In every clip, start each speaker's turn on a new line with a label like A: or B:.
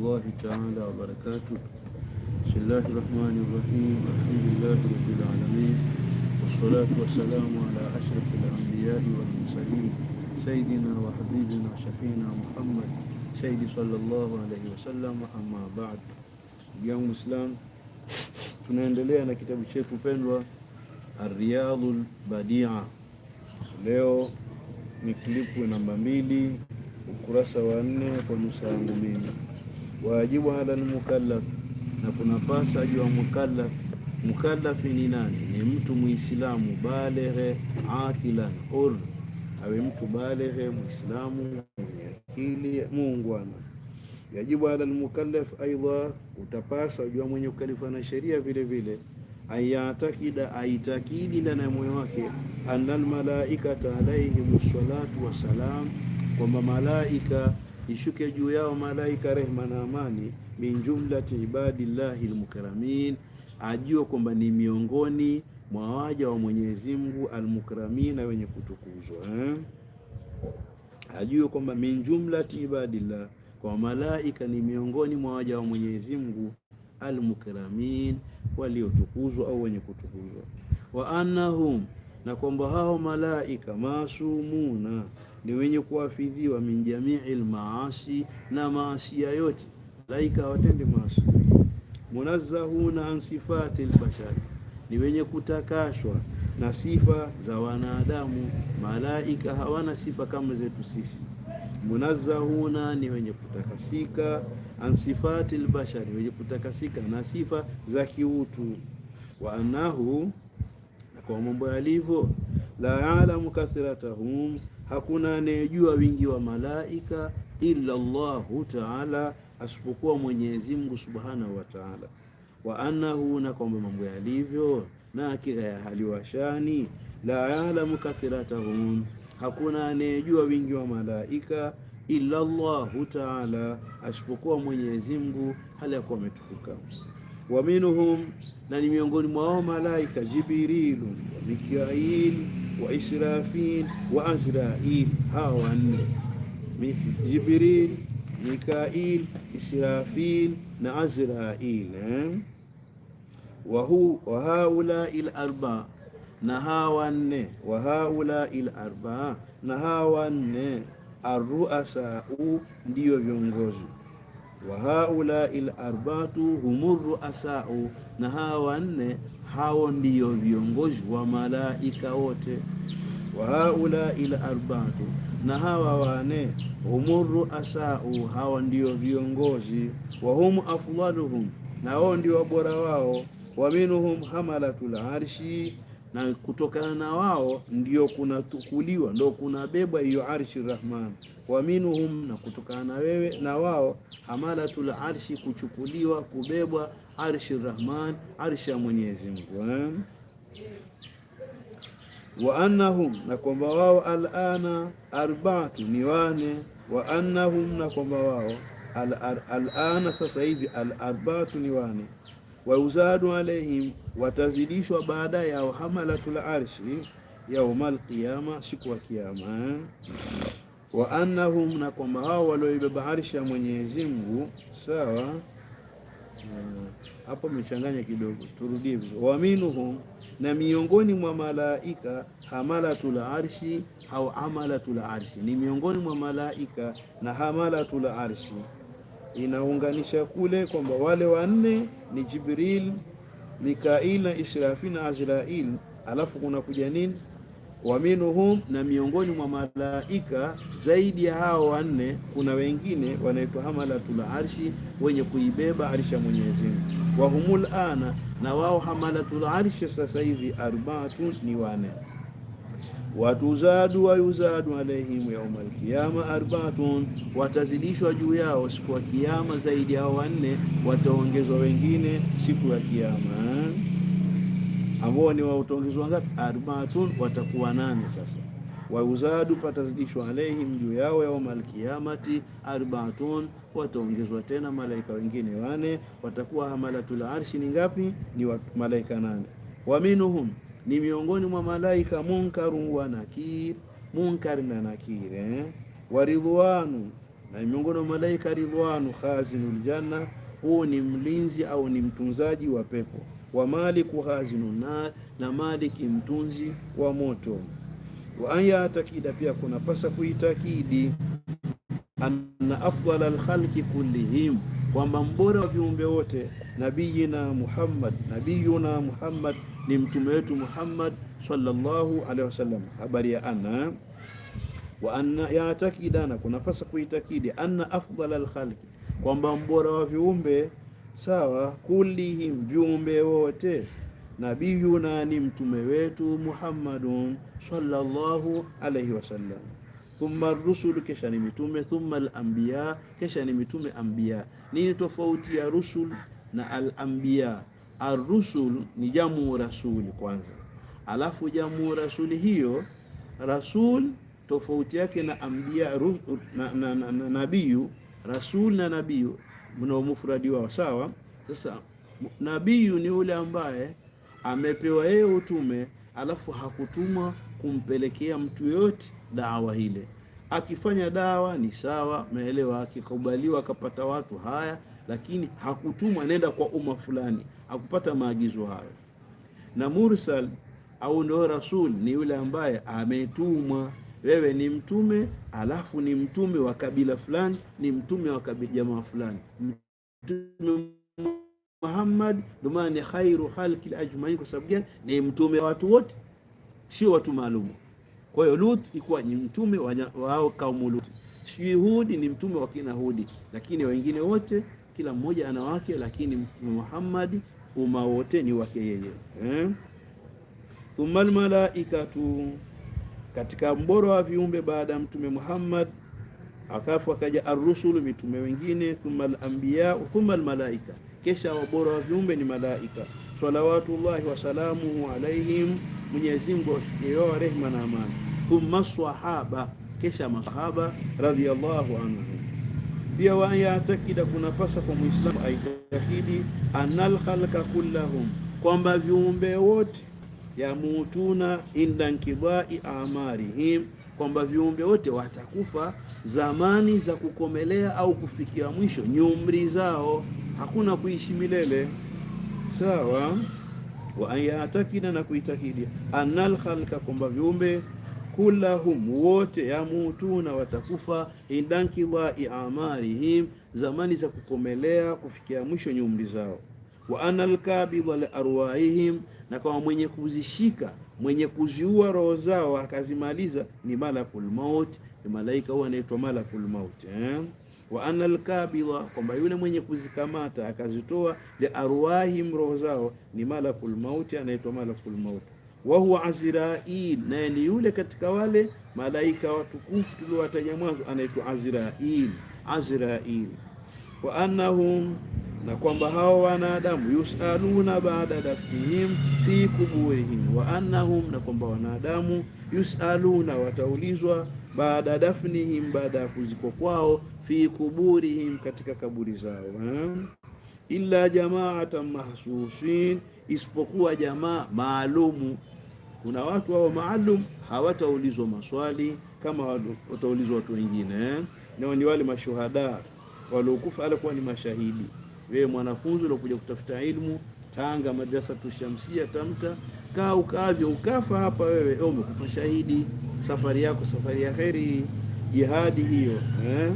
A: rahmatullahi taala wabarakatuh. Bismillahi rahmani rahim, alhamdulillahi rabbil alamin, wassalatu wassalamu ala ashrafil anbiyai wal mursalin sayidina wa habibina wa Muhammad sayyidi sallallahu alayhi wasallam, amma baad. Ndugu yangu Muislam, tunaendelea na kitabu chetu pendwa ar Badia. Leo ni klipu namba mbili ukurasa wa nne kwa nusa yangu mimi wajibu ala almukallaf, na pasa juu ya mukallaf. Mukallafi ni nani? Ni mtu Muislamu balighe akilan hur, awe mtu balere Muislamu mwenye akili muungwana. Yajibu ala almukallaf aidha, utapasa juu mwenye kukalifa na sheria vile vile ayatakida aitakidi ndani ya moyo wake anna almalaikata alaihim salatu wassalam, kwamba malaika ishuke juu yao malaika rehma na amani, min jumlati ibadillahi lmukramin ajue kwamba ni miongoni mwa waja wa Mwenyezi Mungu na wenye kutukuzwa eh? Ajue kwamba min jumlati ibadillah, kwa malaika ni miongoni mwa waja wa Mwenyezi Mungu almukramin, waliotukuzwa au wenye kutukuzwa. Wa annahum, na kwamba hao malaika masumuna ni wenye kuafidhiwa min jamii lmaasi na maasia yote. Malaika hawatende maasi. Munazzahuna an sifati lbashari, ni wenye kutakashwa na sifa za wanadamu. Malaika hawana sifa kama zetu sisi. Munazzahuna ni wenye kutakasika, an sifati lbashari, wenye kutakasika na sifa za kiutu. Wa annahu, na kwa mambo yalivyo, la yalamu kathiratahum hakuna anayejua wingi wa malaika illa Allahu taala, asipokuwa Mwenyezi Mungu subhanahu wa taala. Wa annahu, na kwamba mambo yalivyo, na akira ya haliwashani, la yalamu kathiratahum, hakuna anayejua wingi wa malaika illa Allahu taala, asipokuwa Mwenyezi Mungu hali yakuwa ametukuka. Wa minhum, na ni miongoni mwao malaika Jibrilu wa Mikail wa Israfil wa Azrail, hawa wanne Jibril, Mikail, Israfil na Azrail eh? wa haula il arba na hawa nne wa haula il arba na hawa nne arruasau ndiyo viongozi wa haula il arbatu humurruasau na hawa nne hao ndiyo viongozi wa malaika wote. wa haula ila arbatu, na hawa wane humuru asau, hawa ndiyo viongozi. wa hum afdaluhum, na wao ndio wabora wao. wa minhum hamalatul arshi, na kutokana na wao ndio kuna tukuliwa ndio kuna hiyo arshi rahman. wa minhum, na kutokana na wewe na wao hamalatul arshi, kuchukuliwa kubebwa arshi Rahman, arshi ya Mwenyezi Mungu eh? wa annahum na kwamba wao alana arbaatu ni wane wa annahum na kwamba wao alana sasa hivi alarbaatu ni wane wauzadu alaihim watazidishwa baada ya hamalatul arshi yaumal qiyama siku ya kiyama eh? wa annahum na kwamba hao walioibeba arshi ya Mwenyezi Mungu sawa Eh, hapo mechanganya kidogo, turudie vizuri. wa minhum, na miongoni mwa malaika, hamalatul arshi au amalatul arshi, ni miongoni mwa malaika. Na hamalatul arshi inaunganisha kule kwamba wale wanne ni Jibril, Mikail na Israfil na Azrail, alafu kuna kuja nini wa minhum, na miongoni mwa malaika zaidi ya hao wanne kuna wengine wanaitwa hamalatul arshi, wenye kuibeba arsha Mwenyezi Mungu. humul ana, na wao hamalatul arshi sasa hivi arbaatu, ni wane. Watuzadu wayuzadu alaihim yaumal qiyama arbaatun, watazidishwa juu yao siku ya Kiyama zaidi ya wanne, wataongezwa wengine siku ya Kiyama ambao ni wautaongezwa ngapi? Arbaatun, watakuwa nane. Sasa wauzadu, patazidishwa alaihim, juu yao yao, malkiyamati arbaatun, wataongezwa tena malaika wengine wane. Watakuwa hamalatul arshi ni ngapi? Ni malaika nane. Wa ni miongoni mwa malaika munkarun wa nakir, munkar na nakir eh? wa ridwanu, na miongoni mwa malaika ridwanu khazinul janna, huu ni mlinzi au ni mtunzaji wa pepo wa Maliku khazinu nar, na Maliki mtunzi wa moto. Wa an takida, pia kunapasa kuitakidi anna afdal alkhalqi kullihim, kwamba mbora wa viumbe wote nabiyina Muhammad, nabiyuna Muhammad ni mtume wetu Muhammad sallallahu alaihi wasallam. Habari ya anna wa anna yatakidana, kunapasa kuitakidi anna afdala alkhalqi, kwamba mbora wa viumbe sawa, kulihi viumbe wote, nabiyuna, ni mtume wetu Muhammadun sallallahu alayhi wasallam, thumma rusul, kisha ni mitume, thumma al-anbiya, kisha ni mitume anbiya. Nini tofauti ya rusul na al-anbiya? Ar-rusul ni jamu rasuli kwanza, alafu jamu rasuli hiyo rasul tofauti yake na anbiya na, na, na, na, nabiyu. Rasul na nabiyu mnaomufradi sawa. Sasa nabiyu ni yule ambaye amepewa yeye utume, alafu hakutumwa kumpelekea mtu yoyote dawa ile. Akifanya dawa ni sawa, maelewa, Akikubaliwa akapata watu haya, lakini hakutumwa nenda kwa umma fulani, akupata maagizo hayo. Na mursal au ndio rasul ni yule ambaye ametumwa wewe ni mtume, alafu ni mtume wa kabila fulani, ni mtume wa jamaa fulani, mtume Muhammad ndio maana ni khairu khalqi ajmain. Kwa sababu gani? Ni mtume wa watu wote, sio watu maalum. Kwa hiyo Lut ikuwa ni mtume wao kaumu Lut, sijui Hudi ni mtume wa kina Hudi, lakini wengine wote kila mmoja ana wake, lakini Muhammad umma wote ni wake yeye eh? thumma almalaikatu katika mbora wa viumbe baada ya Mtume Muhammad akafu akaja ar-rusul mitume wengine, thumma al-anbiya thumma almalaika, kisha wabora wa viumbe ni malaika salawatullahi wasalamuhu alaihim, Mwenyezi Mungu ashukie wao rehma na amani. Thumma sahaba, kisha masahaba radhiyallahu anhu Pia wa yatakida, kuna pasa kwa muislamu aitakidi anal khalqa kullahum, kwamba viumbe wote yamutuna inda nkidai amarihim, kwamba viumbe wote watakufa zamani za kukomelea au kufikia mwisho nyumri zao, hakuna kuishi milele. Sawa wa anyatakida na kuitakidia anal khalqa, kwamba viumbe kulahum wote yamutuna watakufa inda nkidhai amarihim, zamani za kukomelea kufikia mwisho nyumri zao, wa anal kabidha li arwaihim na kwa mwenye kuzishika mwenye kuziua roho zao akazimaliza ni malakul maut, malaika huwa anaitwa malakul maut eh? wa ana alkabidha, kwamba yule mwenye kuzikamata akazitoa li arwahim, roho zao ni malakul maut, anaitwa malakul maut. Wa huwa Azrail, naye ni yule katika wale malaika watukufu tuliowataja mwanzo, anaitwa Azrail. Azrail wa annahum na kwamba hao wanadamu yusaluna baada dafnihim fi kuburihim wa annahum, na kwamba wanadamu yusaluna wataulizwa baada dafnihim, baada ya kuzikwa kwao, fi kuburihim, katika kaburi zao ha? illa jamaatan mahsusin, isipokuwa jamaa maalumu. Kuna watu hao maalum hawataulizwa maswali kama wataulizwa watu wengine eh? Nao ni wale mashuhada waliokufa alikuwa ni mashahidi wewe mwanafunzi unakuja kutafuta ilmu Tanga, madrasa tushamsia Tamta, kaa ukavyo, ukafa hapa wewe, eh, umekufa shahidi. Safari yako safari ya heri jihadi hiyo eh?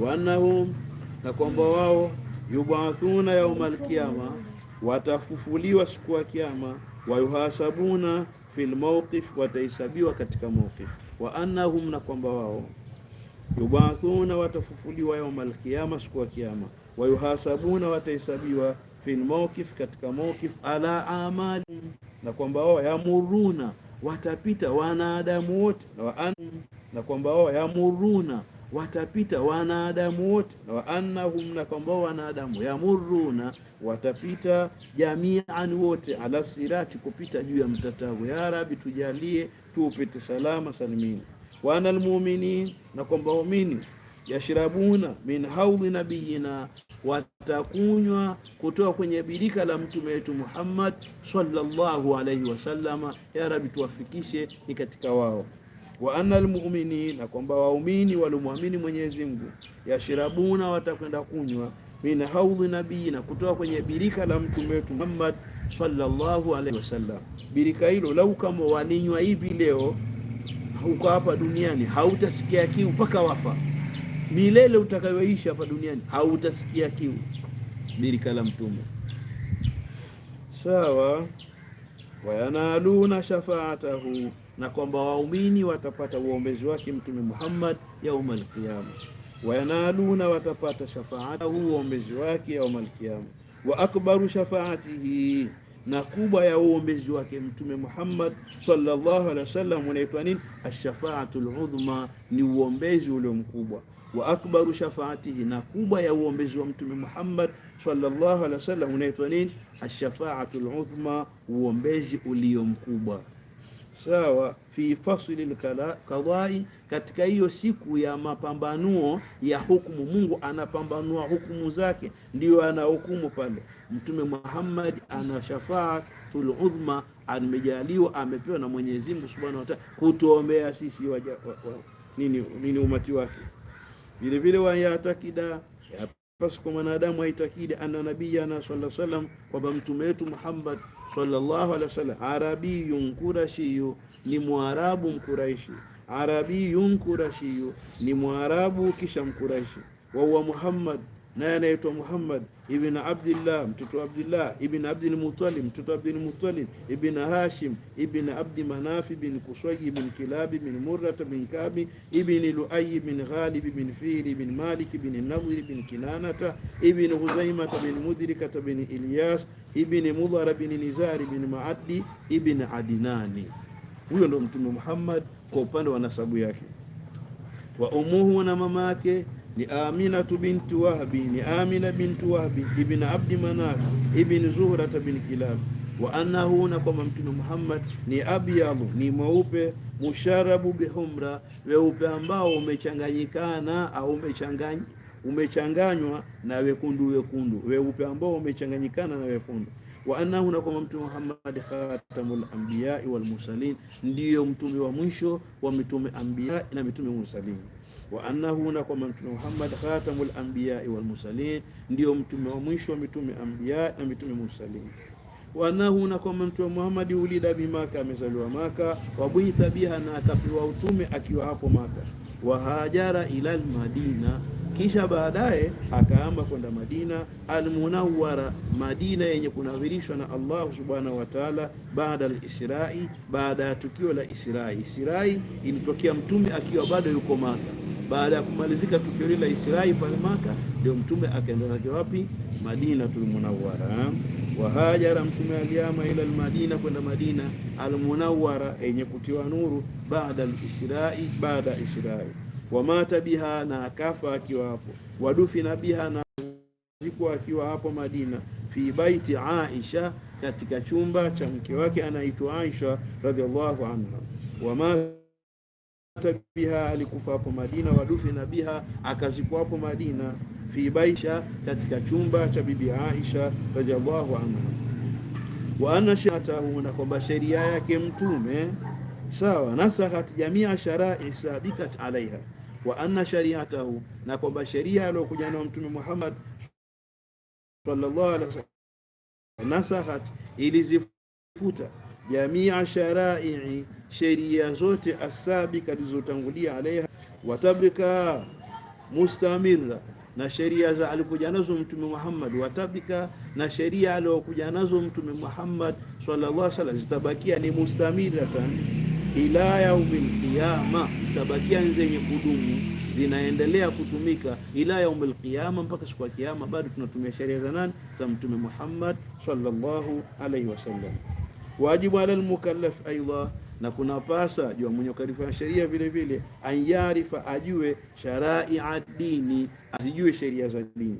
A: wanahum na kwamba wao yubathuna yaumal qiyama, watafufuliwa siku ya kiyama, wayuhasabuna fil mawqif, watahesabiwa katika mawqif. Wa annahum, na kwamba wao yubathuna, watafufuliwa yaumal qiyama, siku ya kiyama wayuhasabuna, watahesabiwa fil mawqif, katika mawqif, ala amali, na kwamba wao yamuruna, watapita wanadamu wote, na wa na kwamba wao yamuruna, watapita wanadamu wote, na wa annahum, na kwamba wao wanadamu yamuruna, watapita jamian wote, ala sirati, kupita juu ya mtatabu. Ya Rabbi, tujalie tuupite salama salimini. Wa anal mu'minin, na kwamba waumini yashrabuna min haudhi nabiyina, watakunywa kutoka kwenye birika la mtume wetu Muhammad sallallahu alayhi wasallama. Ya Rabbi, tuwafikishe ni katika wao wa anna almu'mini, na kwamba waumini walimwamini Mwenyezi Mungu, yashrabuna, watakwenda kunywa min haudhi nabiyina, kutoka kwenye birika la mtume wetu Muhammad sallallahu alayhi wasallam. Birika hilo lau kama walinywa hivi leo huko hapa duniani, hautasikia kiu mpaka wafa milele utakayoishi hapa duniani hautasikia kiu. Birika la Mtume sawa. Wayanaluna shafaatahu, na kwamba waumini watapata uombezi wake Mtume Muhammad yaumal qiyama. Wayanaluna, watapata shafaatahu, uombezi wake yaumal qiyama. Wa akbaru shafaatihi, na kubwa ya uombezi wake Mtume Muhammad sallallahu alaihi wasallam unaitwa nini? Ashafaatul udhma, ni uombezi ulio mkubwa wa akbaru shafaatihi, na kubwa ya uombezi wa Mtume Muhammad sallallahu alaihi wasallam unaitwa nini? Ashafaatul ludhma uombezi ulio mkubwa. Sawa, fi fasli lkadhai katika hiyo siku ya mapambanuo ya hukumu, Mungu anapambanua hukumu zake, ndiyo anahukumu pale. Mtume Muhammad ana shafaatu ludhma amejaliwa amepewa na Mwenyezi Mungu subhanahu wa taala kutuombea sisi waja, wa, wa, nini, nini umati wake vile vile wa yatakida yapasi kwa mwanadamu aitakidi anna nabiyana sallallahu alaihi wasallam, kwamba mtume wetu Muhammad sallallahu alaihi wasallam arabiyun kurashiyu, ni mwarabu mkuraishi. Arabiyun kurashiyu ni mwarabu kisha mkuraishi. huwa Muhammad naye anaitwa Muhammad ibn Abdillah mtoto wa Abdillah ibn Abdul Muttalib mtoto wa Abdul Muttalib ibn Hashim ibn Abdi Manaf ibn Qusay ibn Kilab ibn Murra ibn Kabi ibn Luay ibn Ghalib ibn Fihir ibn Malik ibn Nadhr ibn Kinanata ibn Huzaima ibn Mudrika ibn Ilyas ibn Mudhar ibn Nizar ibn Maaddi ibn Adinani. Huyo ndo Mtume Muhammad kwa upande wa nasabu yake, wa umuhu na mama yake ni Aminatu binti Wahbi, ni Amina binti Wahbi ibn Abdi Manaf ibn Zuhrata bin Kilab wa annahu, na kwamba Mtume Muhammad ni abyadu, ni mweupe musharabu bihumra, weupe ambao umechanganyikana au umechanganyi umechanganywa na wekundu wekundu, weupe ambao umechanganyikana na wekundu wa annahu na kwamba Mtume Muhammad khatamul anbiya wal mursalin, ndiyo mtume wa mwisho wa mitume anbiya na mitume mursalin wa annahu, na kwamba Mtume Muhammad khatamul anbiyai wal mursalin, ndio mtume wa mwisho wa mitume anbiya na mitume mursalin. Wa annahu, na kwamba Mtume Muhammad ulida bimaka, amezaliwa Maka, buitha biha, na akapewa utume akiwa hapo Maka, wa hajara ila Madina, kisha baadaye akaamba kwenda Madina Munawwara, Madina yenye kunadhirishwa na Allah subhanahu wa ta'ala, baada al-Israi, baada ya tukio la Israi. Israi ilitokea mtume akiwa bado yuko Maka. Baada ya kumalizika tukio la Isra'i pale Maka, ndio mtume akaenda zake wapi? Madina wa Wahajara, mtume aliama ila almadina, kwenda Madina almunawara, yenye kutiwa nuru, baada alisirai baada israi. Wamata biha, na akafa akiwa hapo. Wadufina biha, na zikwa akiwa hapo Madina, fi baiti Aisha, katika chumba cha mke wake anaitwa Aisha radhiallahu anha. Wamata biha alikufa hapo Madina, wadufina biha akazikwa hapo Madina, fi baisha katika chumba cha bibi Aisha radhiallahu anha, wa anna shatahu, na kwamba sheria yake mtume sawa nasahat jamia sharai sabikat alaiha, wa anna shariatahu, na kwamba sheria aliyokuja nayo mtume Muhammad sallallahu alaihi wasallam nasahat, ilizifuta jamia sharaii, sheria zote asabika zilizotangulia, alaiha watabika mustamira na sheria za alikuja nazo Mtume Muhammad, watabika na sheria aliokuja nazo Mtume Muhammad sallallahu alaihi wasallam zitabakia ni mustamiratan ila yaumil qiyama, zitabakia zenye kudumu, zinaendelea kutumika ila yaumil qiyama, mpaka siku ya Kiyama bado tunatumia sheria za nani? Za Mtume Muhammad sallallahu alaihi wasallam wajibu ala almukallaf aidha, na kuna pasa jua mwenye wa sheria vile vile anyarifa, ajue sharai dini, azijue sheria za dini.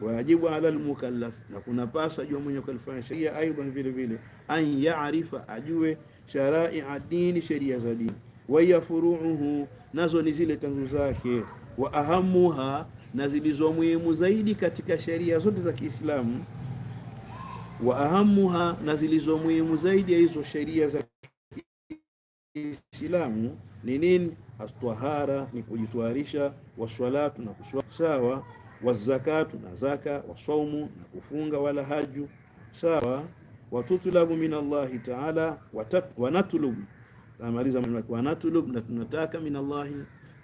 A: Wajibu ala almukallaf, na kuna pasa jua mwenye wa sheria aidha vile vile anyarifa, ajue sharai dini, sheria za dini. Waya furuuhu, nazo ni zile tanzu zake. Wa ahamuha, na zilizo muhimu zaidi katika sheria zote za Kiislamu wa ahamuha, na zilizo muhimu zaidi ya hizo sheria za Islamu ni nini? astahara ni kujitwarisha waswalatu na kuswa sawa, wazakatu na zaka, wasaumu na kufunga, wala haju sawa, watutlabu min Allahi taala wanatlub amaliza wanatlub, na tunataka min Allahi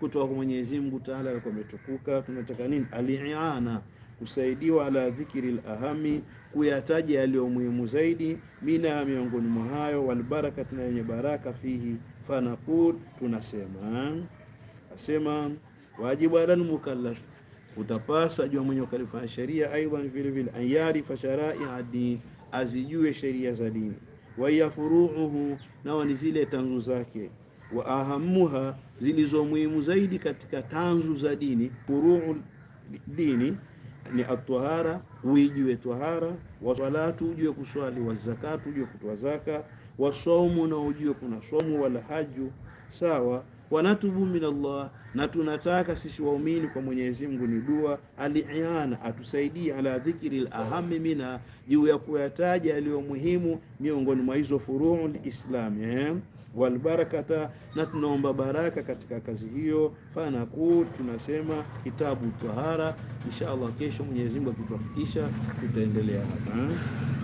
A: kutoka kwa Mwenyezi Mungu taala, kwa umetukuka tunataka nini? aliana kusaidiwa ala dhikri lahami, kuyataja yaliyo muhimu zaidi, mina miongoni mwa hayo, walbarakati, na yenye baraka, fihi fanaqul, tunasema asema wajibu ala almukallaf utapasa jua mwenye ukalifanya sheria aidan vile vile anyari fasharai azijue sheria za dini, waiya furuuhu nao ni zile tanzu zake, wa ahamuha zilizo muhimu zaidi katika tanzu za dini, furuu dini ni atwahara, uijue twahara, wasalatu ujue kuswali, wazakatu ujue kutoa zaka, wasaumu na ujue kuna somu, wala haju sawa wanatubu min Allah, na tunataka sisi waumini kwa Mwenyezi Mungu ni dua aliana atusaidie, ala dhikri lahami mina, juu ya kuyataja yaliyo muhimu miongoni mwa hizo furuul islam eh? walbarakata, na tunaomba baraka katika kazi hiyo. Fanaqul, tunasema kitabu tahara. Insha allah kesho Mwenyezi Mungu akituafikisha tutaendelea hapa. Eh?